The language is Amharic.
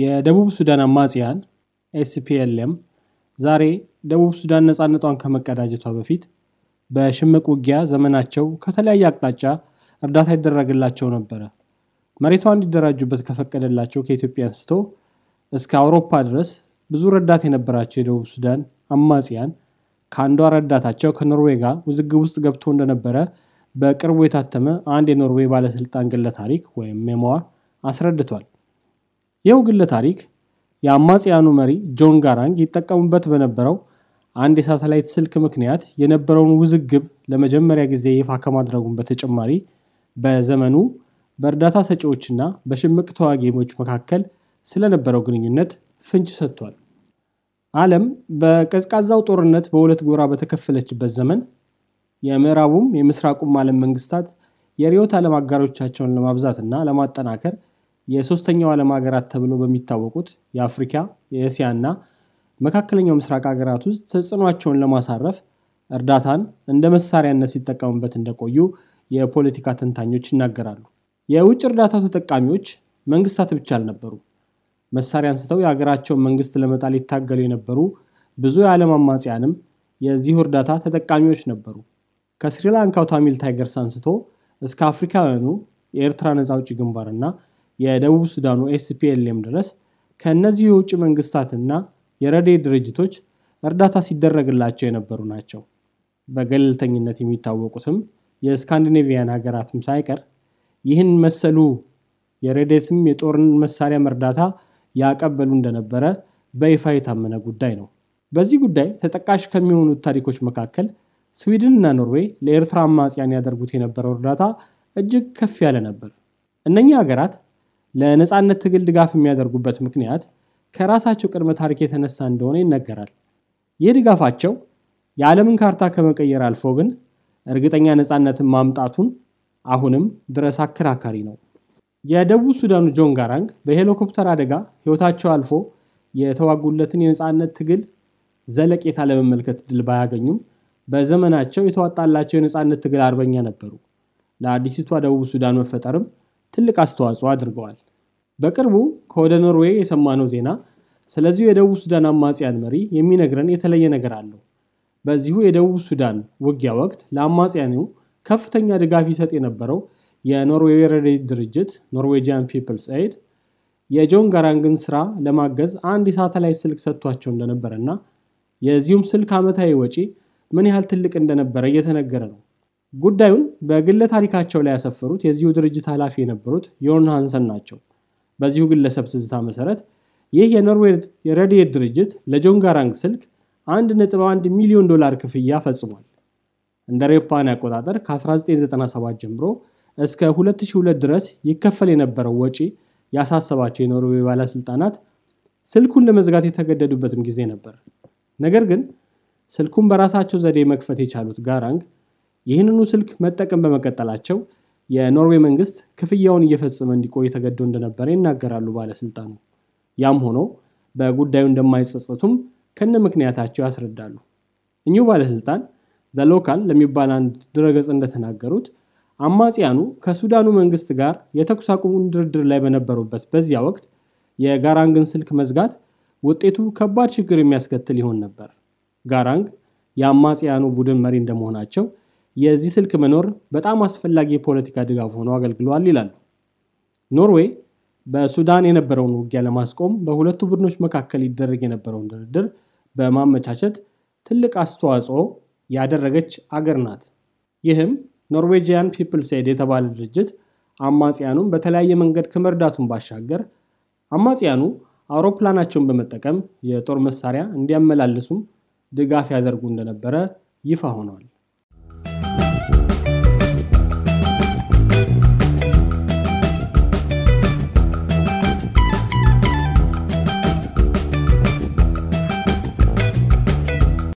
የደቡብ ሱዳን አማጽያን ኤስፒኤልኤም ዛሬ ደቡብ ሱዳን ነፃነቷን ከመቀዳጀቷ በፊት በሽምቅ ውጊያ ዘመናቸው ከተለያየ አቅጣጫ እርዳታ ይደረግላቸው ነበረ። መሬቷ እንዲደራጁበት ከፈቀደላቸው ከኢትዮጵያ አንስቶ እስከ አውሮፓ ድረስ ብዙ ረዳት የነበራቸው የደቡብ ሱዳን አማጽያን ከአንዷ ረዳታቸው ከኖርዌይ ጋር ውዝግብ ውስጥ ገብቶ እንደነበረ በቅርቡ የታተመ አንድ የኖርዌይ ባለስልጣን ግለ ታሪክ ወይም ሜሞዋ አስረድቷል። ይኸው ግለ ታሪክ የአማጽያኑ መሪ ጆን ጋራንግ ይጠቀሙበት በነበረው አንድ የሳተላይት ስልክ ምክንያት የነበረውን ውዝግብ ለመጀመሪያ ጊዜ ይፋ ከማድረጉን በተጨማሪ በዘመኑ በእርዳታ ሰጪዎችና በሽምቅ ተዋጊዎች መካከል ስለነበረው ግንኙነት ፍንጭ ሰጥቷል። ዓለም በቀዝቃዛው ጦርነት በሁለት ጎራ በተከፈለችበት ዘመን የምዕራቡም የምስራቁም ዓለም መንግስታት የርዕዮተ ዓለም አጋሮቻቸውን ለማብዛትና ለማጠናከር የሶስተኛው ዓለም ሀገራት ተብሎ በሚታወቁት የአፍሪካ፣ የእስያ እና መካከለኛው ምስራቅ ሀገራት ውስጥ ተጽዕኗቸውን ለማሳረፍ እርዳታን እንደ መሳሪያነት ሲጠቀሙበት እንደቆዩ የፖለቲካ ተንታኞች ይናገራሉ። የውጭ እርዳታው ተጠቃሚዎች መንግስታት ብቻ አልነበሩ። መሳሪያ አንስተው የሀገራቸውን መንግስት ለመጣል ይታገሉ የነበሩ ብዙ የዓለም አማጽያንም የዚሁ እርዳታ ተጠቃሚዎች ነበሩ። ከስሪላንካው ታሚል ታይገርስ አንስቶ እስከ አፍሪካውያኑ የኤርትራ ነፃ ውጭ ግንባርና የደቡብ ሱዳኑ ኤስፒኤልኤም ድረስ ከእነዚህ የውጭ መንግስታትና የረዴ ድርጅቶች እርዳታ ሲደረግላቸው የነበሩ ናቸው። በገለልተኝነት የሚታወቁትም የስካንዲኔቪያን ሀገራትም ሳይቀር ይህን መሰሉ የረዴትም የጦርን መሳሪያም እርዳታ ያቀበሉ እንደነበረ በይፋ የታመነ ጉዳይ ነው። በዚህ ጉዳይ ተጠቃሽ ከሚሆኑት ታሪኮች መካከል ስዊድን እና ኖርዌይ ለኤርትራ አማጽያን ያደርጉት የነበረው እርዳታ እጅግ ከፍ ያለ ነበር። እነኛ ሀገራት ለነፃነት ትግል ድጋፍ የሚያደርጉበት ምክንያት ከራሳቸው ቅድመ ታሪክ የተነሳ እንደሆነ ይነገራል። ይህ ድጋፋቸው የዓለምን ካርታ ከመቀየር አልፎ ግን እርግጠኛ ነፃነትን ማምጣቱን አሁንም ድረስ አከራካሪ ነው። የደቡብ ሱዳኑ ጆን ጋራንግ በሄሊኮፕተር አደጋ ሕይወታቸው አልፎ የተዋጉለትን የነፃነት ትግል ዘለቄታ ለመመልከት ድል ባያገኙም በዘመናቸው የተዋጣላቸው የነፃነት ትግል አርበኛ ነበሩ። ለአዲሲቷ ደቡብ ሱዳን መፈጠርም ትልቅ አስተዋጽኦ አድርገዋል። በቅርቡ ከወደ ኖርዌይ የሰማነው ዜና ስለዚሁ የደቡብ ሱዳን አማጽያን መሪ የሚነግረን የተለየ ነገር አለው። በዚሁ የደቡብ ሱዳን ውጊያ ወቅት ለአማጽያኑ ከፍተኛ ድጋፍ ይሰጥ የነበረው የኖርዌይ ረድኤት ድርጅት ኖርዌጂያን ፒፕልስ ኤድ የጆን ጋራንግን ስራ ለማገዝ አንድ የሳተላይት ስልክ ሰጥቷቸው እንደነበረና የዚሁም ስልክ ዓመታዊ ወጪ ምን ያህል ትልቅ እንደነበረ እየተነገረ ነው። ጉዳዩን በግለ ታሪካቸው ላይ ያሰፈሩት የዚሁ ድርጅት ኃላፊ የነበሩት ዮርን ሃንሰን ናቸው። በዚሁ ግለሰብ ትዝታ መሰረት ይህ የኖርዌይ የረድኤት ድርጅት ለጆን ጋራንግ ስልክ 1.1 ሚሊዮን ዶላር ክፍያ ፈጽሟል። እንደ ሬፓን አቆጣጠር ከ1997 ጀምሮ እስከ 2002 ድረስ ይከፈል የነበረው ወጪ ያሳሰባቸው የኖርዌይ ባለስልጣናት ስልኩን ለመዝጋት የተገደዱበትም ጊዜ ነበር። ነገር ግን ስልኩን በራሳቸው ዘዴ መክፈት የቻሉት ጋራንግ ይህንኑ ስልክ መጠቀም በመቀጠላቸው የኖርዌይ መንግስት ክፍያውን እየፈጸመ እንዲቆይ ተገዶ እንደነበረ ይናገራሉ ባለስልጣኑ። ያም ሆኖ በጉዳዩ እንደማይጸጸቱም ከነ ምክንያታቸው ያስረዳሉ። እኚሁ ባለስልጣን ዘሎካል ለሚባል አንድ ድረገጽ እንደተናገሩት አማጽያኑ ከሱዳኑ መንግስት ጋር የተኩስ አቁሙን ድርድር ላይ በነበሩበት በዚያ ወቅት የጋራንግን ስልክ መዝጋት ውጤቱ ከባድ ችግር የሚያስከትል ይሆን ነበር። ጋራንግ የአማጽያኑ ቡድን መሪ እንደመሆናቸው የዚህ ስልክ መኖር በጣም አስፈላጊ የፖለቲካ ድጋፍ ሆኖ አገልግሏል ይላሉ። ኖርዌይ በሱዳን የነበረውን ውጊያ ለማስቆም በሁለቱ ቡድኖች መካከል ይደረግ የነበረውን ድርድር በማመቻቸት ትልቅ አስተዋጽኦ ያደረገች አገር ናት። ይህም ኖርዌጂያን ፒፕልስ ኤድ የተባለ ድርጅት አማጽያኑን በተለያየ መንገድ ከመርዳቱን ባሻገር አማጽያኑ አውሮፕላናቸውን በመጠቀም የጦር መሳሪያ እንዲያመላልሱም ድጋፍ ያደርጉ እንደነበረ ይፋ ሆኗል።